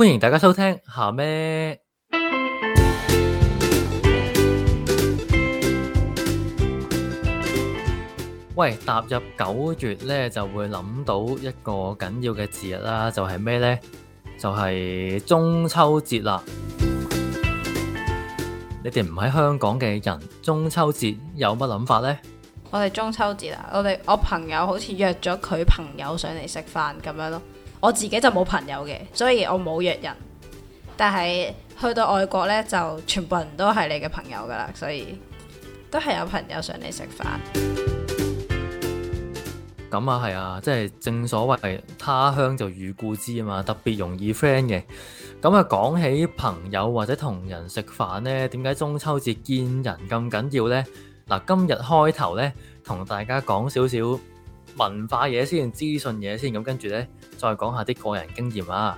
歡迎大家收聽下咩？喂，踏入九月咧，就會諗到一個緊要嘅節日啦，就係咩呢？就係中秋節啦。你哋唔喺香港嘅人，中秋節有乜諗法呢？我哋中秋節啦，我哋我朋友好似約咗佢朋友上嚟食飯咁樣咯。我自己就冇朋友嘅，所以我冇約人。但係去到外國呢，就全部人都係你嘅朋友㗎喇，所以都係有朋友上嚟食飯。咁啊，係啊，即係正所謂他鄉就遇故知啊嘛，特別容易 friend 嘅。咁啊，講起朋友或者同人食飯呢，點解中秋節見人咁緊要呢？嗱，今日開頭呢，同大家講少少。文化嘢先，資訊嘢先，咁跟住呢，再講下啲個人經驗啊。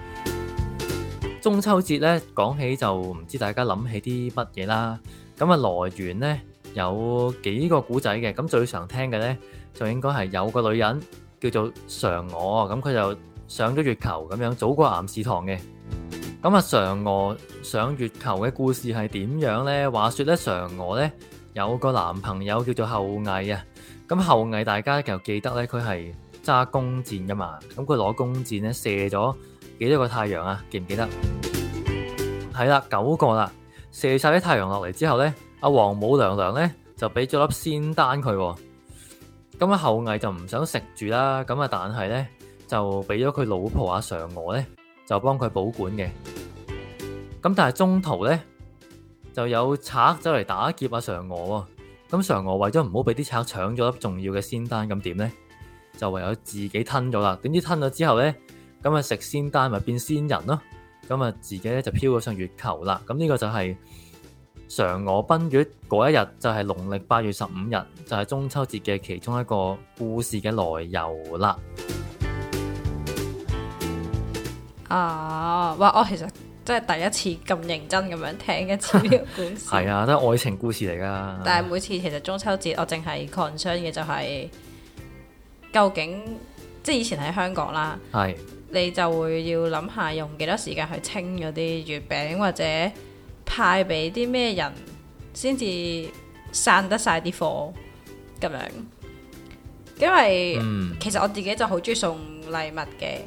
中秋節呢，講起就唔知大家諗起啲乜嘢啦。咁啊，來源呢，有幾個古仔嘅，咁最常聽嘅呢，就應該係有個女人叫做嫦娥，咁佢就上咗月球咁樣，早過岩士唐嘅。咁啊，嫦娥上月球嘅故事係點樣呢？話説呢，嫦娥呢，有個男朋友叫做后羿啊。咁后羿大家就記得咧，佢係揸弓箭噶嘛。咁佢攞弓箭咧射咗幾多個太陽啊？記唔記得？係啦， 九個啦。射晒啲太陽落嚟之後咧，阿王母娘娘咧就俾咗粒仙丹佢。咁啊，后羿就唔想食住啦。咁啊，但係咧就俾咗佢老婆阿嫦娥咧就幫佢保管嘅。咁但係中途咧就有賊走嚟打劫阿嫦娥喎。咁嫦娥為咗唔好俾啲賊搶咗粒重要嘅仙丹，咁點呢？就唯有自己吞咗啦。點知吞咗之後呢，咁啊食仙丹咪變仙人咯？咁啊自己咧就飄咗上月球啦。咁呢個就係嫦娥奔月嗰一日，農月日，就係農曆八月十五日，就係中秋節嘅其中一個故事嘅來由啦。啊，哇，我、哦、其實～即係第一次咁認真咁樣聽一次呢個故 事，係 啊，都係愛情故事嚟噶。 但係每次其實中秋節，我淨係 concern 嘅就係究竟，即係以前喺香港啦，係 你就會要諗下用幾多時間去清嗰啲月餅或者派俾啲咩人，先至散得晒啲貨咁樣。因為其實我自己就好中意送禮物嘅，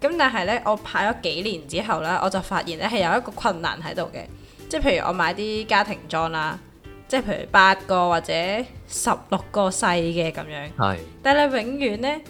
咁但係呢，我派咗幾年之後呢，我就發現呢係有一個困難喺度嘅，即係譬如我買啲家庭裝啦，即係譬如八個或者十六個細嘅咁樣，是但係你永遠呢，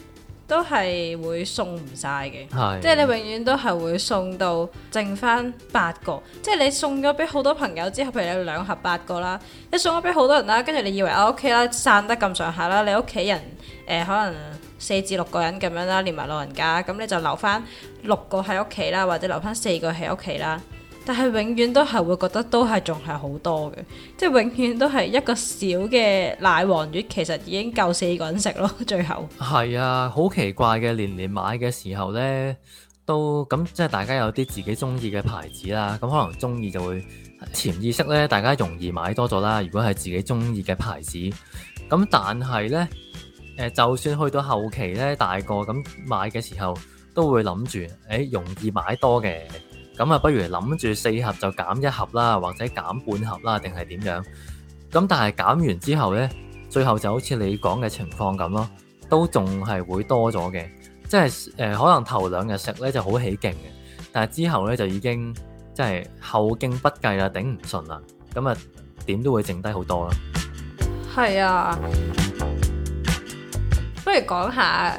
都係會送唔晒嘅，的即係你永遠都係會送到剩翻八個，即係你送咗俾好多朋友之後，譬如你兩盒八個啦，你送咗俾好多人啦，跟住你以為我屋企啦，散得咁上下啦，你屋企人誒、呃、可能四至六個人咁樣啦，連埋老人家，咁你就留翻六個喺屋企啦，或者留翻四個喺屋企啦。但係永遠都係會覺得都係仲係好多嘅，即係永遠都係一個小嘅奶黃魚，其實已經夠四個人食咯。最後係啊，好奇怪嘅，年年買嘅時候呢，都咁即係大家有啲自己中意嘅牌子啦。咁可能中意就會潛意識呢，大家容易買多咗啦。如果係自己中意嘅牌子，咁但係呢，就算去到後期呢，大個咁買嘅時候，都會諗住誒容易買多嘅。咁啊，不如諗住四盒就減一盒啦，或者減半盒啦，定係點樣？咁但係減完之後呢，最後就好似你講嘅情況咁咯，都仲係會多咗嘅。即係誒、呃，可能頭兩日食呢就好起勁嘅，但係之後呢，就已經即係後勁不繼啦，頂唔順啦。咁啊，點都會剩低好多啦。係啊，不如講下。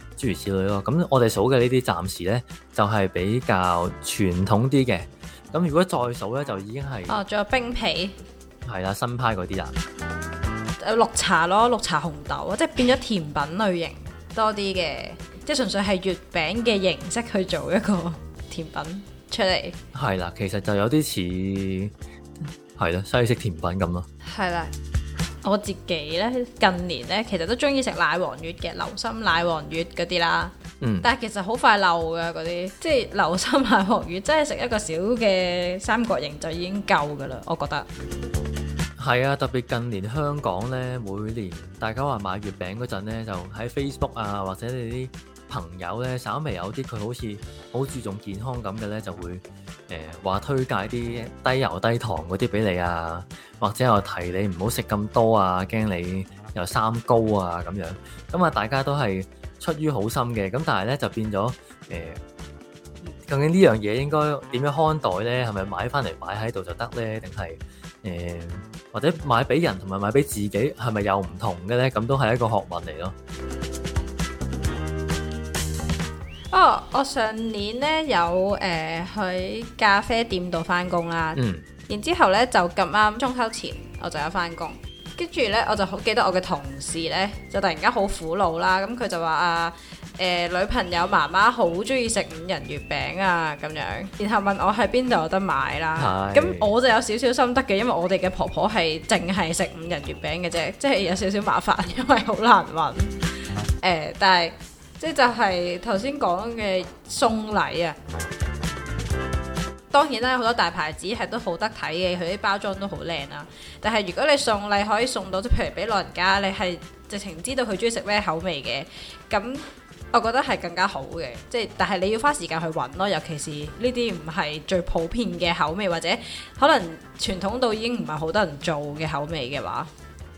諸如此類咯，咁我哋數嘅呢啲暫時咧就係比較傳統啲嘅。咁如果再數咧，就已經係哦，仲有冰皮，係啦，新派嗰啲啊，誒綠茶咯，綠茶紅豆啊，即係變咗甜品類型多啲嘅，即係純粹係月餅嘅形式去做一個甜品出嚟。係啦，其實就有啲似係咯西式甜品咁咯。係啦。我自己呢，近年呢，其實都中意食奶黃月嘅流心奶黃月嗰啲啦，嗯、但係其實好快漏㗎嗰啲，即係流心奶黃月，真係食一個小嘅三角形就已經夠㗎喇，我覺得。係啊，特別近年香港呢，每年大家話買月餅嗰陣呢，就喺 Facebook 啊，或者你啲。朋友咧，稍微有啲佢好似好注重健康咁嘅咧，就會誒話、呃、推介啲低油低糖嗰啲俾你啊，或者我提你唔好食咁多啊，驚你又三高啊咁樣。咁啊，大家都係出於好心嘅。咁但係咧就變咗誒、呃，究竟呢樣嘢應該點樣看待咧？係咪買翻嚟擺喺度就得咧？定係誒，或者買俾人同埋買俾自己係咪又唔同嘅咧？咁都係一個學問嚟咯。哦，oh, 我上年咧有誒喺、呃、咖啡店度翻工啦，嗯、然之後咧就咁啱中秋前我就有翻工，跟住咧我就好記得我嘅同事咧就突然間好苦惱啦，咁佢就話啊誒、呃、女朋友媽媽好中意食五仁月餅啊咁樣，然後問我喺邊度有得買啦，咁是我就有少少心得嘅，因為我哋嘅婆婆係淨係食五仁月餅嘅啫，即係有少少麻煩，因為好難揾誒、 呃，但係。即就係頭先講嘅送禮啊，當然啦，好多大牌子係都好得睇嘅，佢啲包裝都好靚啦。但係如果你送禮可以送到，即譬如俾老人家，你係直情知道佢中意食咩口味嘅，咁我覺得係更加好嘅。即係但係你要花時間去揾咯，尤其是呢啲唔係最普遍嘅口味，或者可能傳統到已經唔係好多人做嘅口味嘅話。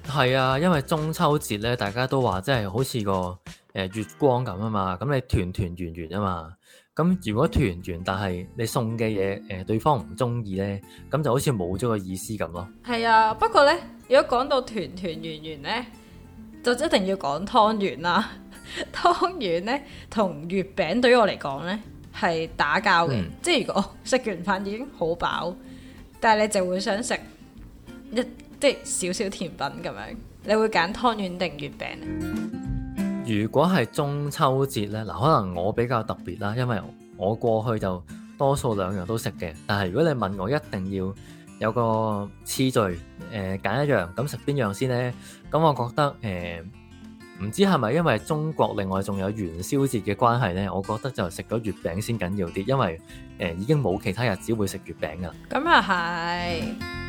係啊，因為中秋節咧，大家都話即係好似個誒月光咁啊嘛，咁你團團圓圓啊嘛，咁如果團圓但係你送嘅嘢，誒，對方唔中意咧，咁就好似冇咗個意思咁咯。係啊，不過咧，如果講到團團圓圓咧，就一定要講湯圓啦。湯圓咧同月餅對於我嚟講咧係打交嘅，嗯、即係如果食完飯已經好飽，但係你就會想食一。即係少少甜品咁樣，你會揀湯圓定月餅？如果係中秋節呢，嗱，可能我比較特別啦，因為我過去就多數兩樣都食嘅。但係如果你問我一定要有個次序，誒、呃、揀一樣咁食邊樣先呢？咁我覺得誒，唔、呃、知係咪因為中國另外仲有元宵節嘅關係呢，我覺得就食咗月餅先緊要啲，因為誒、呃、已經冇其他日子會食月餅噶。咁又係。嗯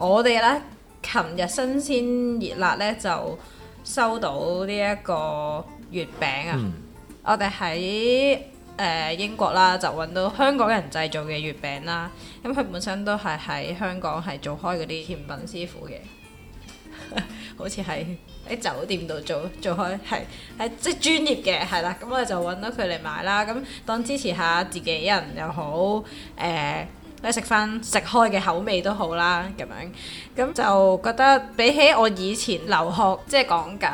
我哋咧，琴日新鮮熱辣咧就收到呢一個月餅啊！嗯、我哋喺誒英國啦，就揾到香港人製造嘅月餅啦。咁佢本身都係喺香港係做開嗰啲甜品師傅嘅， 好似係喺酒店度做做，做開，係係即專業嘅，係啦。咁我哋就揾到佢嚟買啦，咁當支持下自己人又好，誒、呃。你食翻食開嘅口味都好啦，咁樣咁就覺得比起我以前留學，即係講緊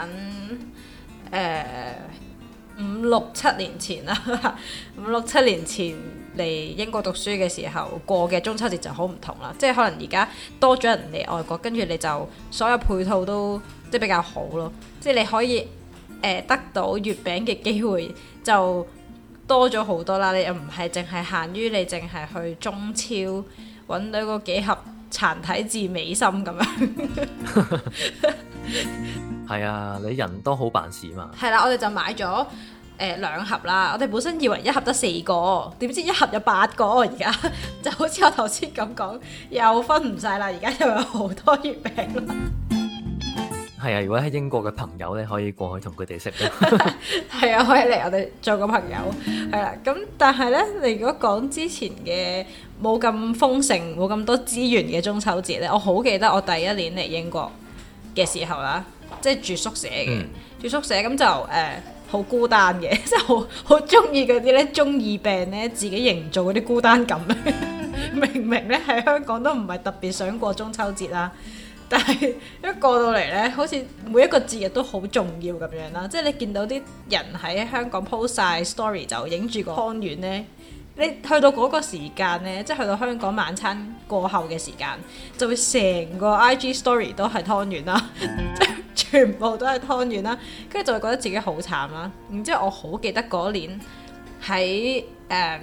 誒五六七年前啦，五六七年前嚟英國讀書嘅時候過嘅中秋節就好唔同啦，即係可能而家多咗人嚟外國，跟住你就所有配套都即係比較好咯，即係你可以誒得到月餅嘅機會就。多咗好多啦！你又唔係淨係限於你淨係去中超揾到嗰幾盒殘體字美心咁樣，係啊！你人多好辦事嘛。係啦、啊，我哋就買咗誒、呃、兩盒啦。我哋本身以為一盒得四個，點知一盒有八個而、啊、家，就好似我頭先咁講，又分唔晒啦！而家又有好多月餅啦。 係啊，如果喺英國嘅朋友咧，可以過去同佢哋食咯。係 啊， 可以嚟我哋做個朋友。係啦，咁但係咧，你如果講之前嘅冇咁豐盛，冇咁多資源嘅中秋節咧，我好記得我第一年嚟英國嘅時候啦，即係住宿舍嘅，嗯、住宿舍咁就誒好、呃、孤單嘅，即係好好中意嗰啲咧，中二病咧，自己營造嗰啲孤單感咧。 明明咧喺香港都唔係特別想過中秋節啦。但係一過到嚟呢，好似每一個節日都好重要咁樣啦，即係你見到啲人喺香港 po 曬 story 就影住個湯圓呢。你去到嗰個時間呢，即係去到香港晚餐過後嘅時間，就會成個 IG story 都係湯圓啦， 全部都係湯圓啦，跟住就會覺得自己好慘啦。然之後我好記得嗰年喺誒。呃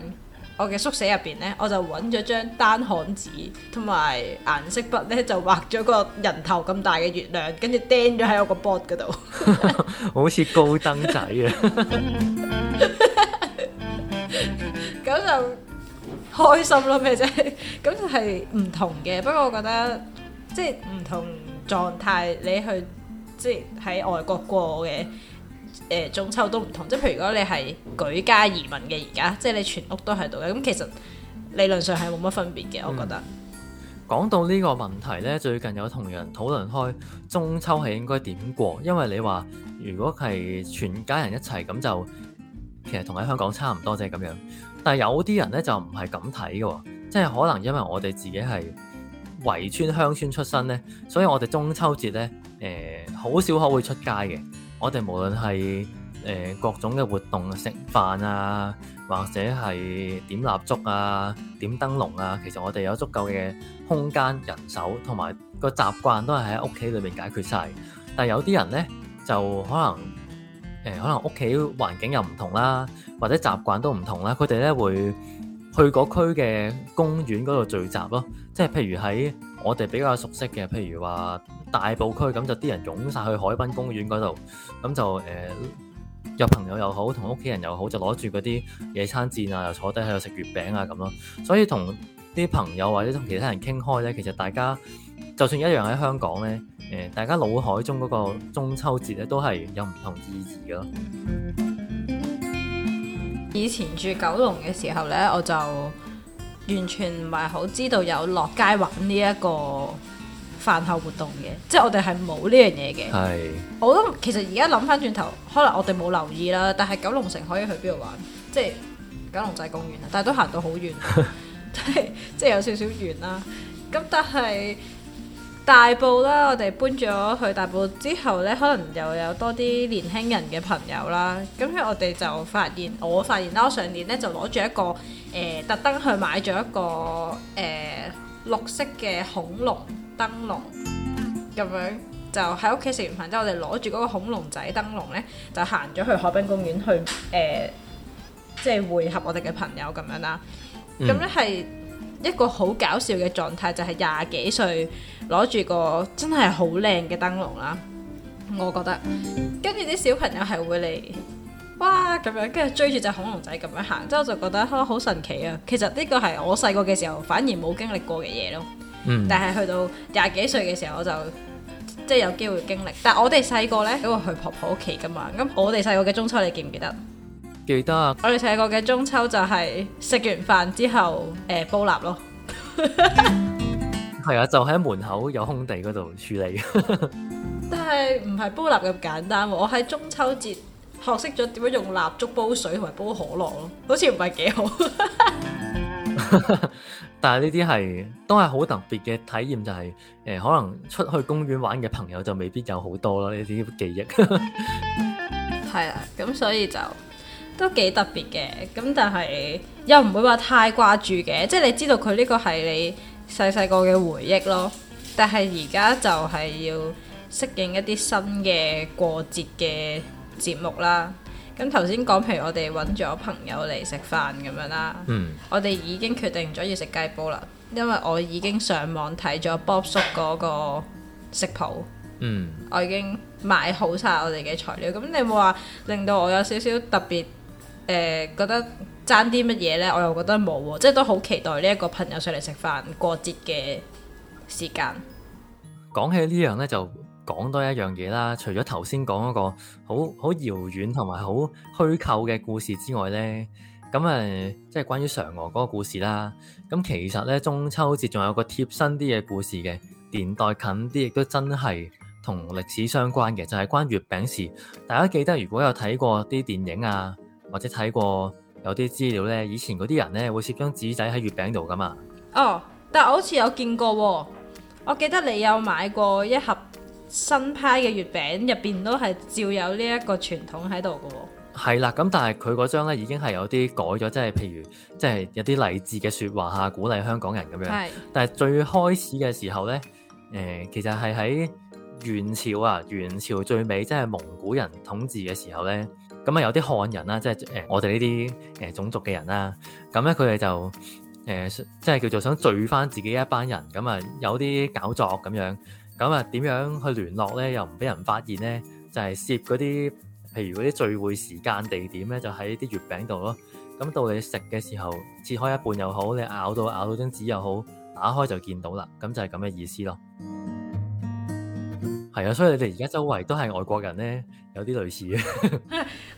我嘅宿舍入邊呢，我就揾咗張單行紙同埋顏色筆呢，就畫咗個人頭咁大嘅月亮，跟住釘咗喺我個 board 嗰度。好似高登仔啊！咁就開心咯，咩啫？咁就係唔同嘅。不過我覺得即係唔同狀態，你去即係喺外國過嘅。誒中秋都唔同，即係譬如如果你係舉家移民嘅而家，即係你全屋都喺度嘅，咁其實理論上係冇乜分別嘅。嗯、我覺得講到呢個問題呢，最近有同人討論開中秋係應該點過，因為你話如果係全家人一齊咁就其實同喺香港差唔多啫咁樣，但係有啲人呢，就唔係咁睇嘅，即係可能因為我哋自己係圍村鄉村出身呢，所以我哋中秋節呢，誒、呃、好少可會出街嘅。我哋無論係誒各種嘅活動、食飯啊，或者係點蠟燭啊、點燈籠啊，其實我哋有足夠嘅空間、人手同埋個習慣都係喺屋企裏面解決晒。但係有啲人呢，就可能誒、呃，可能屋企環境又唔同啦，或者習慣都唔同啦，佢哋呢會去嗰區嘅公園嗰度聚集咯。即係譬如喺。我哋比較熟悉嘅，譬如話大埔區咁就啲人湧晒去海濱公園嗰度，咁就誒，約、呃、朋友又好，同屋企人又好，就攞住嗰啲野餐墊啊，又坐低喺度食月餅啊咁咯。所以同啲朋友或者同其他人傾開呢，其實大家就算一樣喺香港呢，誒、呃，大家腦海中嗰個中秋節咧，都係有唔同意義嘅咯。以前住九龍嘅時候呢，我就。完全唔係好知道有落街玩呢一個飯後活動嘅，即係我哋係冇呢樣嘢嘅。係是，我都其實而家諗翻轉頭，可能我哋冇留意啦。但係九龍城可以去邊度玩？即係九龍仔公園啊，但係都行到好遠，即係 有少少遠啦。咁但係大埔啦，我哋搬咗去大埔之後呢，可能又有多啲年輕人嘅朋友啦。咁所以我哋就發現，我發現啦，我上年呢就攞住一個。誒、呃、特登去買咗一個誒、呃、綠色嘅恐龍燈籠，咁樣就喺屋企食完飯之後，我哋攞住嗰個恐龍仔燈籠呢，就行咗去海濱公園去誒、呃，即係會合我哋嘅朋友咁樣啦。咁咧係一個好搞笑嘅狀態，就係廿幾歲攞住個真係好靚嘅燈籠啦，我覺得。跟住啲小朋友係會嚟。哇咁樣，跟住追住隻恐龍仔咁樣行，之後就覺得嗬好神奇啊！其實呢個係我細個嘅時候反而冇經歷過嘅嘢咯，嗯、但係去到廿幾歲嘅時候，我就即係有機會經歷。但係我哋細個呢，因為去婆婆屋企噶嘛，咁我哋細個嘅中秋你記唔記得？記得。啊。我哋細個嘅中秋就係食完飯之後，誒、呃，煲蠟咯。係 啊，就喺門口有空地嗰度處理。 但係唔係煲蠟咁簡單，我喺中秋節。學識咗點樣用蠟燭煲水同埋煲可樂咯，好似唔係幾好。 但。但係呢啲係都係好特別嘅體驗，就係、是、誒、呃，可能出去公園玩嘅朋友就未必有好多啦。呢啲記憶係啦， 咁所以就都幾特別嘅。咁但係又唔會話太掛住嘅，即、就、係、是、你知道佢呢個係你細細個嘅回憶咯。但係而家就係要適應一啲新嘅過節嘅。節目啦，咁頭先講，譬如我哋揾咗朋友嚟食飯咁樣啦，嗯、我哋已經決定咗要食雞煲啦，因為我已經上網睇咗 Bob 叔嗰個食譜，嗯、我已經買好晒我哋嘅材料，咁你冇話令到我有少少特別誒、呃，覺得爭啲乜嘢呢？我又覺得冇，即係都好期待呢一個朋友上嚟食飯過節嘅時間。講起呢樣呢，就。講多一樣嘢啦，除咗頭先講嗰個好好遙遠同埋好虛構嘅故事之外呢，咁、嗯、誒即係關於嫦娥嗰個故事啦。咁、嗯、其實呢，中秋節仲有個貼身啲嘅故事嘅年代近啲，亦都真係同歷史相關嘅，就係、是、關月餅事。大家記得如果有睇過啲電影啊，或者睇過有啲資料呢，以前嗰啲人呢會攝張紙仔喺月餅度㗎嘛。哦，oh，但係我好似有見過、哦，我記得你有買過一盒。新派嘅月餅入邊都係照有呢一個傳統喺度㗎喎。係啦，咁但係佢嗰張咧已經係有啲改咗，即係譬如即係有啲勵志嘅説話嚇，鼓勵香港人咁樣。係，但係最開始嘅時候咧，誒、呃、其實係喺元朝啊，元朝最尾即係蒙古人統治嘅時候咧，咁啊有啲漢人啦，即係誒我哋呢啲誒種族嘅人啦，咁咧佢哋就誒、呃、即係叫做想聚翻自己一班人，咁啊有啲搞作咁樣。咁啊，點樣去聯絡咧？又唔俾人發現咧？就係攝嗰啲，譬如嗰啲聚會時間、地點咧，就喺啲月餅度咯。咁到你食嘅時候，切開一半又好，你咬到咬到張紙又好，打開就見到啦。咁就係咁嘅意思咯。係啊、嗯，所以你哋而家周圍都係外國人咧，有啲類似嘅。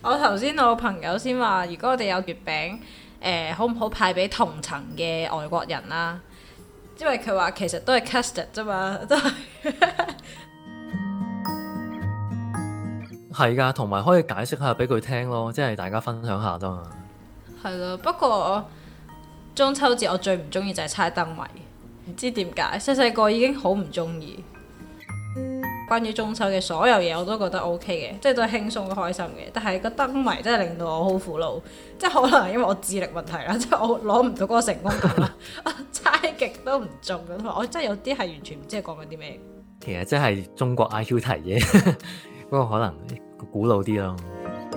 我頭先我朋友先話，如果我哋有月餅，誒、嗯，好唔好派俾同層嘅外國人啦？因為佢話其實都係 casted 啫嘛，都係係㗎，同埋可以解釋下俾佢聽咯，即係大家分享下啫嘛。係咯，不過中秋節我最唔中意就係猜燈謎，唔知點解細細個已經好唔中意。關於中秋嘅所有嘢，我都覺得 O K 嘅，即係都係輕鬆開心嘅。但係個燈謎真係令到我好苦惱，即係可能因為我智力問題啦，即係我攞唔到嗰個成功感， 我猜極都唔中咁。我真係有啲係完全唔知係講緊啲咩。其實真係中國 I Q 題嘅，不 過可能古老啲咯。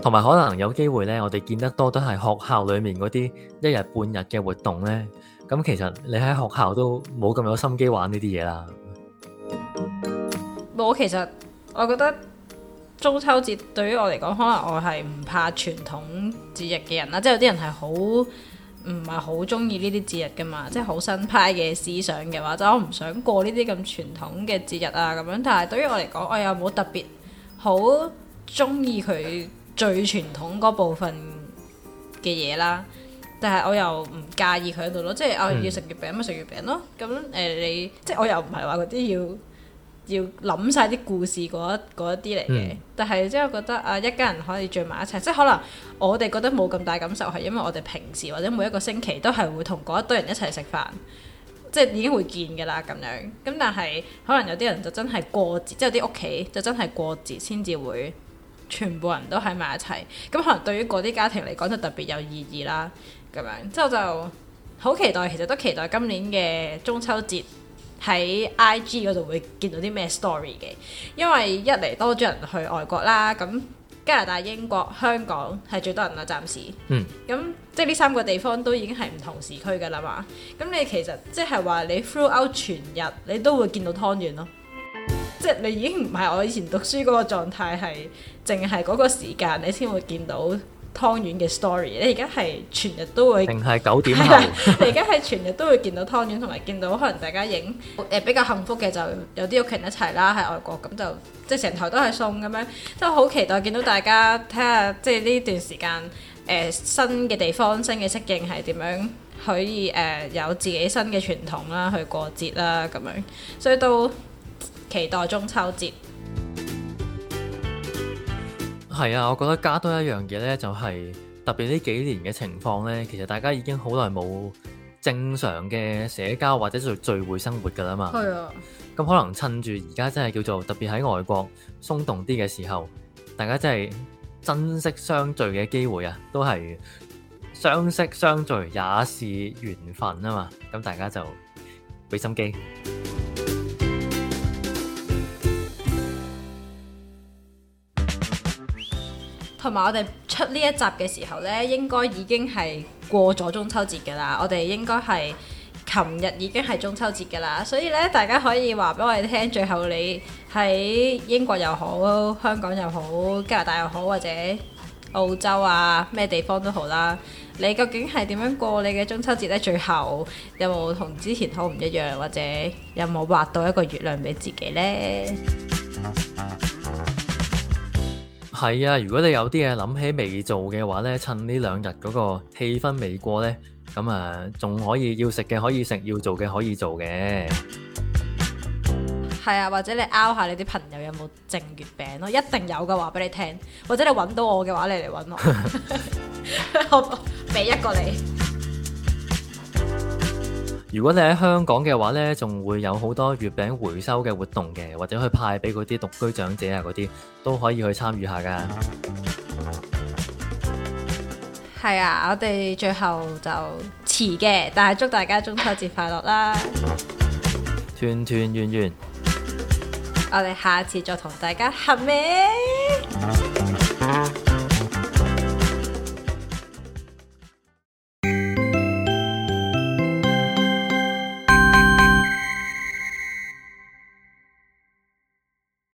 同埋可能有機會呢，我哋見得多都係學校裏面嗰啲一日半日嘅活動呢。咁其實你喺學校都冇咁有，有心機玩呢啲嘢啦。我其實我覺得中秋節對於我嚟講，可能我係唔怕傳統節日嘅人啦，即係有啲人係好唔係好中意呢啲節日噶嘛，即係好新派嘅思想嘅話，就、我唔想過呢啲咁傳統嘅節日啊咁樣。但係對於我嚟講，我又冇特別好中意佢最傳統嗰部分嘅嘢啦，但係我又唔介意佢喺度咯，即係我要食月餅咪食月餅咯。咁誒、嗯、你即係我又唔係話嗰啲要。要諗晒啲故事嗰一一啲嚟嘅，嗯、但係即係我覺得啊，一家人可以聚埋一齊，即係可能我哋覺得冇咁大感受，係因為我哋平時或者每一個星期都係會同嗰一堆人一齊食飯，即係已經會見噶啦咁樣。咁但係可能有啲人就真係過節，即係啲屋企就真係過節先至會全部人都喺埋一齊。咁可能對於嗰啲家庭嚟講就特別有意義啦。咁樣之後就好期待，其實都期待今年嘅中秋節。喺 IG 嗰度會見到啲咩 story 嘅，因為一嚟多咗人去外國啦，咁加拿大、英國、香港係最多人啦，暫時，嗯，咁即係呢三個地方都已經係唔同時區㗎喇嘛，咁你其實即係話你 throughout 全日你都會見到湯圓咯，即係你已經唔係我以前讀書嗰個狀態，係淨係嗰個時間你先會見到。湯圓嘅 story，你而家係全日都會，定係九點後？你而家係全日都會見到湯圓，同埋見到可能大家影誒比較幸福嘅，就有啲屋企人一齊啦，喺外國咁就即係成台都係餸咁樣，即係好期待見到大家睇下，即係呢段時間誒新嘅地方新嘅適應係點樣，可以誒有自己新嘅傳統啦，去過節啦咁樣，所以都期待中秋節。哦，係啊，我覺得加多一樣嘢呢，就係特別呢幾年嘅情況呢。其實大家已經好耐冇正常嘅社交或者做聚會生活㗎啦嘛。係啊。咁可能趁住而家真係叫做特別喺外國鬆動啲嘅時候，大家真係珍惜相聚嘅機會啊，都係相識相聚也是緣分啊嘛。咁大家就俾心機。同埋我哋出呢一集嘅時候呢，應該已經係過咗中秋節㗎喇。我哋應該係琴日已經係中秋節㗎喇，所以呢，大家可以話俾我哋聽，最後你喺英國又好，香港又好，加拿大又好，或者澳洲啊咩地方都好啦，你究竟係點樣過你嘅中秋節呢？最後有冇同之前好唔一樣，或者有冇畫到一個月亮俾自己呢？ 係啊，如果你有啲嘢諗起未做嘅話呢，趁呢兩日嗰個氣氛未過呢，咁啊仲可以要食嘅可以食，要做嘅可以做嘅。係啊，或者你拗下你啲朋友有冇正月餅咯，一定有㗎，話俾你聽。或者你揾到我嘅話，你嚟揾我，我俾一個你。如果你喺香港嘅話呢，仲會有好多月餅回收嘅活動嘅，或者去派俾嗰啲獨居長者啊，嗰啲都可以去參與下噶。係啊，我哋最後就遲嘅，但係祝大家中秋節快樂啦！團團圓圓，我哋下次再同大家合咩？